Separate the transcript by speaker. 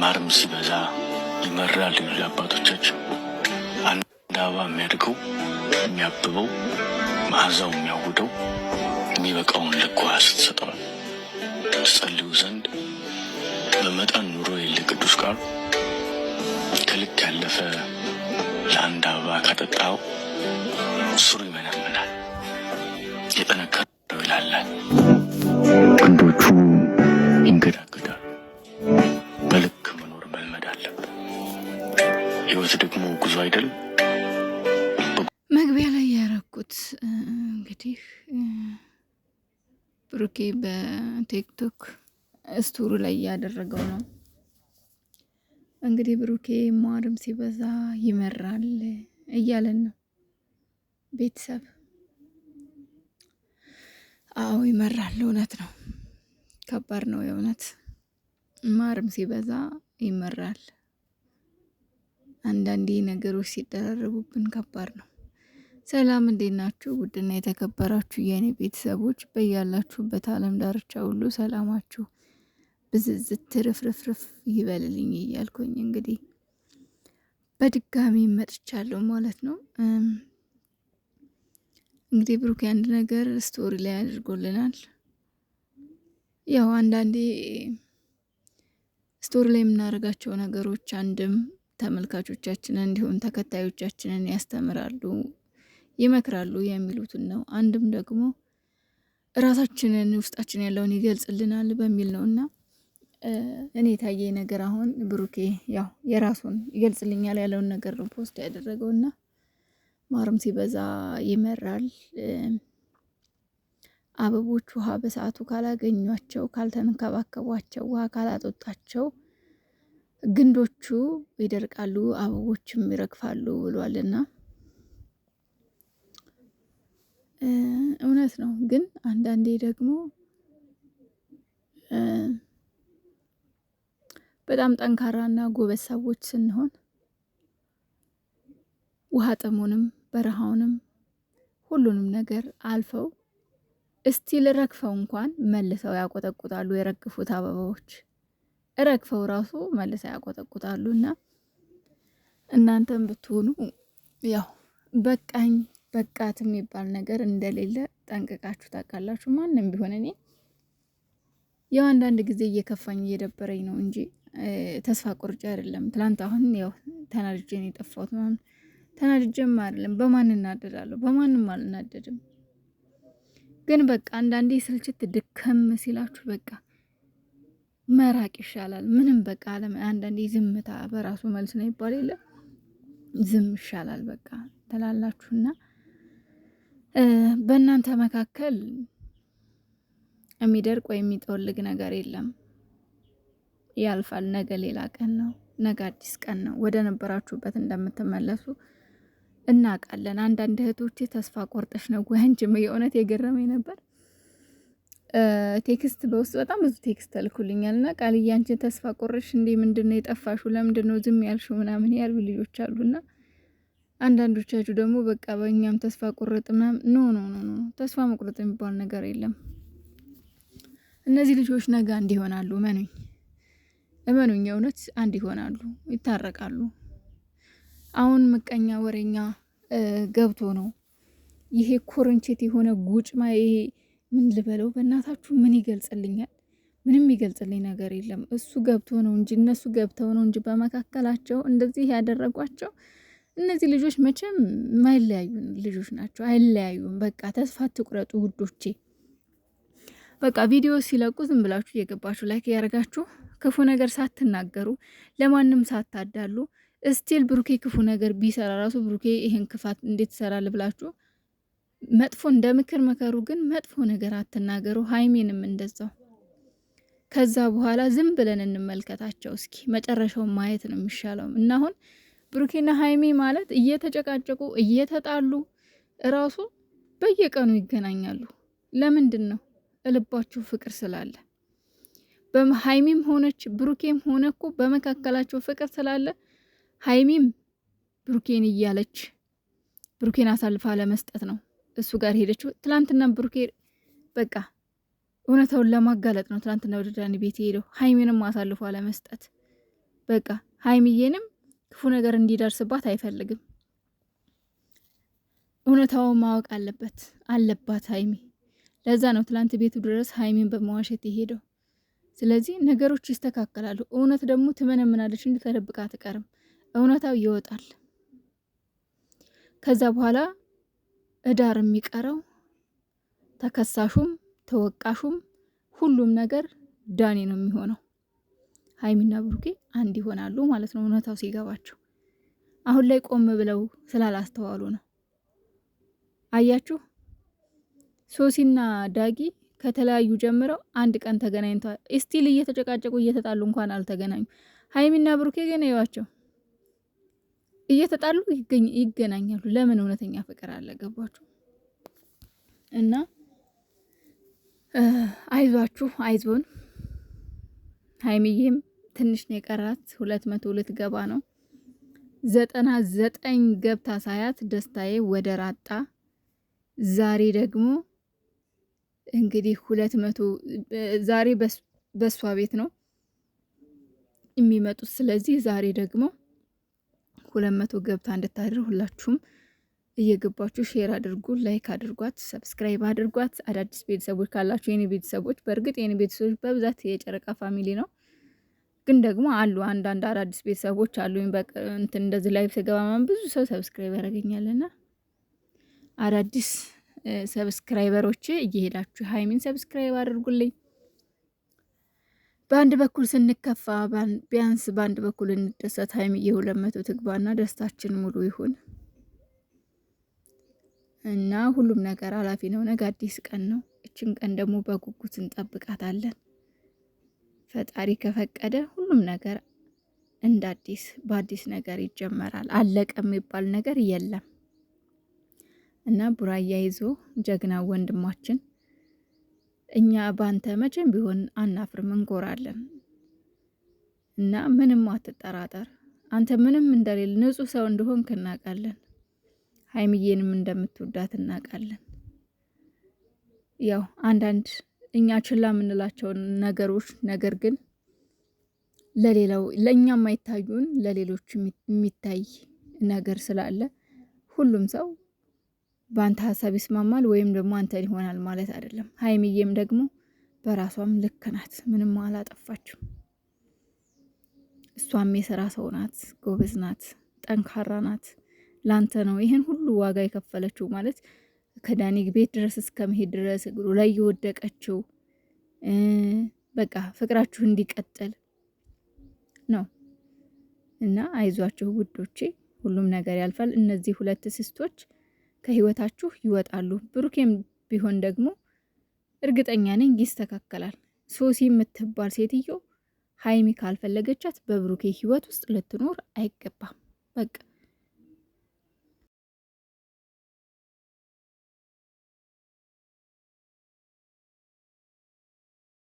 Speaker 1: ማርም ሲበዛ ይመራል ይሉ አባቶቻችን። አንድ አበባ የሚያድገው የሚያብበው መዓዛው የሚያውደው የሚበቃውን ልክ ውሃ ስትሰጠዋል። ትጸልዩ ዘንድ በመጠን ኑሮ የለ ቅዱስ ቃሉ ከልክ ያለፈ ለአንድ አበባ ካጠጣው ስሩ ይመነምናል፣ የጠነከረው ይላላል። ህይወት ደግሞ ጉዞ አይደል?
Speaker 2: መግቢያ ላይ ያረኩት እንግዲህ ብሩኬ በቲክቶክ ስቶሩ ላይ ያደረገው ነው። እንግዲህ ብሩኬ ማርም ሲበዛ ይመራል እያለን ነው ቤተሰብ። አዎ ይመራል፣ እውነት ነው። ከባድ ነው የእውነት ማርም ሲበዛ ይመራል። አንዳንዴ ነገሮች ሲደራረቡብን ከባድ ነው። ሰላም እንዴት ናችሁ? ውድና የተከበራችሁ የእኔ ቤተሰቦች በያላችሁበት ዓለም ዳርቻ ሁሉ ሰላማችሁ ብዝዝት ትርፍርፍርፍ ይበልልኝ እያልኩኝ እንግዲህ በድጋሚ መጥቻለሁ ማለት ነው። እንግዲህ ብሩክ አንድ ነገር ስቶሪ ላይ አድርጎልናል። ያው አንዳንዴ ስቶሪ ላይ የምናደርጋቸው ነገሮች አንድም ተመልካቾቻችንን እንዲሁም ተከታዮቻችንን ያስተምራሉ፣ ይመክራሉ የሚሉትን ነው። አንድም ደግሞ እራሳችንን ውስጣችን ያለውን ይገልጽልናል በሚል ነው እና እኔ የታየ ነገር አሁን ብሩኬ ያው የራሱን ይገልጽልኛል ያለውን ነገር ነው ፖስት ያደረገው እና ማርም ሲበዛ ይመራል። አበቦች ውሃ በሰዓቱ ካላገኟቸው፣ ካልተንከባከቧቸው፣ ውሃ ካላጠጣቸው ግንዶቹ ይደርቃሉ፣ አበቦችም ይረግፋሉ ብሏልና እውነት ነው። ግን አንዳንዴ ደግሞ በጣም ጠንካራና ጎበዝ ሰዎች ስንሆን ውሃ ጥሙንም በረሃውንም ሁሉንም ነገር አልፈው እስቲል ረግፈው እንኳን መልሰው ያቆጠቁጣሉ የረግፉት አበባዎች። ረግፈው ራሱ መልሰ ያቆጠቁጣሉ። እና እናንተም ብትሆኑ ያው በቃኝ በቃት የሚባል ነገር እንደሌለ ጠንቅቃችሁ ታውቃላችሁ። ማንም ቢሆን እኔ ያው አንዳንድ ጊዜ እየከፋኝ እየደበረኝ ነው እንጂ ተስፋ ቁርጭ አይደለም። ትላንት አሁን ያው ተናድጄ ነው የጠፋሁት ምናምን ተናድጄም አይደለም። በማን እናደዳለሁ? በማንም አልናደድም። ግን በቃ አንዳንዴ ስልችት ድከም ሲላችሁ በቃ መራቅ ይሻላል። ምንም በቃ አለም አንዳንዴ ዝምታ በራሱ መልስ ነው ይባል የለ ዝም ይሻላል በቃ ትላላችሁና በእናንተ መካከል የሚደርቅ ወይ የሚጠወልግ ነገር የለም። ያልፋል። ነገ ሌላ ቀን ነው። ነገ አዲስ ቀን ነው። ወደ ነበራችሁበት እንደምትመለሱ እናውቃለን። አንዳንድ እህቶቼ ተስፋ ቆርጠሽ ነው ወይ አንቺም የእውነት የገረመኝ ነበር ቴክስት በውስጥ በጣም ብዙ ቴክስት ተልኩልኛል እና ቃል እያንችን ተስፋ ቆረሽ እንዴ? ምንድን ነው የጠፋሹ? ለምንድን ነው ዝም ያልሹ? ምናምን ያሉ ልጆች አሉና አንዳንዶቻችሁ ደግሞ በቃ በእኛም ተስፋ ቆረጥ ምናምን። ኖ ኖ ኖ ተስፋ መቁረጥ የሚባል ነገር የለም። እነዚህ ልጆች ነገ አንድ ይሆናሉ። እመኑኝ፣ እመኑኝ፣ የእውነት አንድ ይሆናሉ፣ ይታረቃሉ። አሁን ምቀኛ ወሬኛ ገብቶ ነው ይሄ ኮርንቼት የሆነ ጉጭማ ይሄ ምን ልበለው በእናታችሁ ምን ይገልጽልኛል? ምንም ይገልጽልኝ ነገር የለም። እሱ ገብቶ ነው እንጂ እነሱ ገብተው ነው እንጂ በመካከላቸው እንደዚህ ያደረጓቸው እነዚህ ልጆች መቼም የማይለያዩ ልጆች ናቸው። አይለያዩም። በቃ ተስፋ ትቁረጡ ውዶቼ። በቃ ቪዲዮ ሲለቁ ዝም ብላችሁ እየገባችሁ ላይክ ያደርጋችሁ ክፉ ነገር ሳትናገሩ ለማንም ሳታዳሉ ስቲል ብሩኬ ክፉ ነገር ቢሰራ ራሱ ብሩኬ ይህን ክፋት እንዴት ይሰራል ብላችሁ መጥፎ እንደ ምክር መከሩ፣ ግን መጥፎ ነገር አትናገሩ። ሀይሜንም እንደዛው። ከዛ በኋላ ዝም ብለን እንመልከታቸው እስኪ መጨረሻውን ማየት ነው የሚሻለው። እና አሁን ብሩኬና ሀይሜ ማለት እየተጨቃጨቁ እየተጣሉ እራሱ በየቀኑ ይገናኛሉ። ለምንድን ነው? እልባችሁ ፍቅር ስላለ ሀይሚም ሆነች ብሩኬም ሆነ እኮ በመካከላቸው ፍቅር ስላለ ሀይሜም ብሩኬን እያለች ብሩኬን አሳልፋ ለመስጠት ነው እሱ ጋር ሄደችው። ትላንትናም ብሩኬ በቃ እውነታውን ለማጋለጥ ነው ትላንትና ወደ ዳኒ ቤት ሄደው ሀይሜንም አሳልፎ አለመስጠት በቃ ሀይሚዬንም ክፉ ነገር እንዲደርስባት አይፈልግም። እውነታውን ማወቅ አለበት አለባት ሀይሚ። ለዛ ነው ትላንት ቤቱ ድረስ ሀይሚን በመዋሸት የሄደው። ስለዚህ ነገሮች ይስተካከላሉ። እውነት ደግሞ ትመነምናለች እንጂ ተደብቃ አትቀርም። እውነታው ይወጣል ከዛ በኋላ እዳር የሚቀረው ተከሳሹም ተወቃሹም ሁሉም ነገር ዳኔ ነው የሚሆነው። ሀይሚና ብሩኬ አንድ ይሆናሉ ማለት ነው እውነታው ሲገባቸው። አሁን ላይ ቆም ብለው ስላላስተዋሉ ነው። አያችሁ ሶሲና ዳጊ ከተለያዩ ጀምረው አንድ ቀን ተገናኝተዋል። ስቲል እየተጨቃጨቁ እየተጣሉ እንኳን አልተገናኙ። ሀይሚና ብሩኬ ግን ይዋቸው እየተጣሉ ይገናኛሉ። ለምን እውነተኛ ፍቅር አለ? ገባችሁ? እና አይዟችሁ፣ አይዞን። ሀይሚዬም ትንሽ ነው የቀራት፣ ሁለት መቶ ልትገባ ነው። ዘጠና ዘጠኝ ገብታ ሳያት ደስታዬ ወደ ራጣ። ዛሬ ደግሞ እንግዲህ ሁለት መቶ ዛሬ በእሷ ቤት ነው የሚመጡት። ስለዚህ ዛሬ ደግሞ ሁለት መቶ ገብታ እንድታድር ሁላችሁም እየገባችሁ ሼር አድርጉ፣ ላይክ አድርጓት፣ ሰብስክራይብ አድርጓት። አዳዲስ ቤተሰቦች ካላችሁ የኔ ቤተሰቦች፣ በእርግጥ የኔ ቤተሰቦች በብዛት የጨረቃ ፋሚሊ ነው፣ ግን ደግሞ አሉ አንዳንድ አዳዲስ ቤተሰቦች አሉ። እንትን እንደዚህ ላይ ተገባማን ብዙ ሰው ሰብስክራይብ ያደርገኛልና አዳዲስ ሰብስክራይበሮች እየሄዳችሁ ሀይሚን ሰብስክራይብ አድርጉልኝ። በአንድ በኩል ስንከፋ ቢያንስ በአንድ በኩል እንደሰት። ሀይሚዬ ሁለት መቶ ትግባና ደስታችን ሙሉ ይሁን እና ሁሉም ነገር አላፊ ነው። ነገ አዲስ ቀን ነው። እችን ቀን ደግሞ በጉጉት እንጠብቃታለን። ፈጣሪ ከፈቀደ ሁሉም ነገር እንደ አዲስ በአዲስ ነገር ይጀመራል። አለቀ የሚባል ነገር የለም እና ቡራያ ይዞ ጀግና ወንድማችን እኛ ባንተ መቼም ቢሆን አናፍርም፣ እንኮራለን እና ምንም አትጠራጠር። አንተ ምንም እንደሌለ ንጹህ ሰው እንደሆንክ እናውቃለን። ሀይምዬንም እንደምትወዳት እናውቃለን። ያው አንዳንድ እኛ ችላ የምንላቸውን ነገሮች ነገር ግን ለሌላው ለእኛ የማይታዩን ለሌሎች የሚታይ ነገር ስላለ ሁሉም ሰው በአንተ ሀሳብ ይስማማል ወይም ደግሞ አንተ ይሆናል ማለት አይደለም። ሀይሚዬም ደግሞ በራሷም ልክ ናት። ምንም አላጠፋችው። እሷም የስራ ሰው ናት፣ ጎበዝ ናት፣ ጠንካራ ናት። ላንተ ነው ይህን ሁሉ ዋጋ የከፈለችው ማለት ከዳኒ ቤት ድረስ እስከመሄድ ድረስ እግሩ ላይ የወደቀችው በቃ ፍቅራችሁ እንዲቀጥል ነው። እና አይዟችሁ ውዶቼ፣ ሁሉም ነገር ያልፋል። እነዚህ ሁለት ስስቶች ከህይወታችሁ ይወጣሉ። ብሩኬም ቢሆን ደግሞ እርግጠኛ ነኝ ይስተካከላል። ሶሲ የምትባል ሴትዮ ሀይሚ ካልፈለገቻት በብሩኬ ህይወት ውስጥ ልትኖር አይገባም። በቃ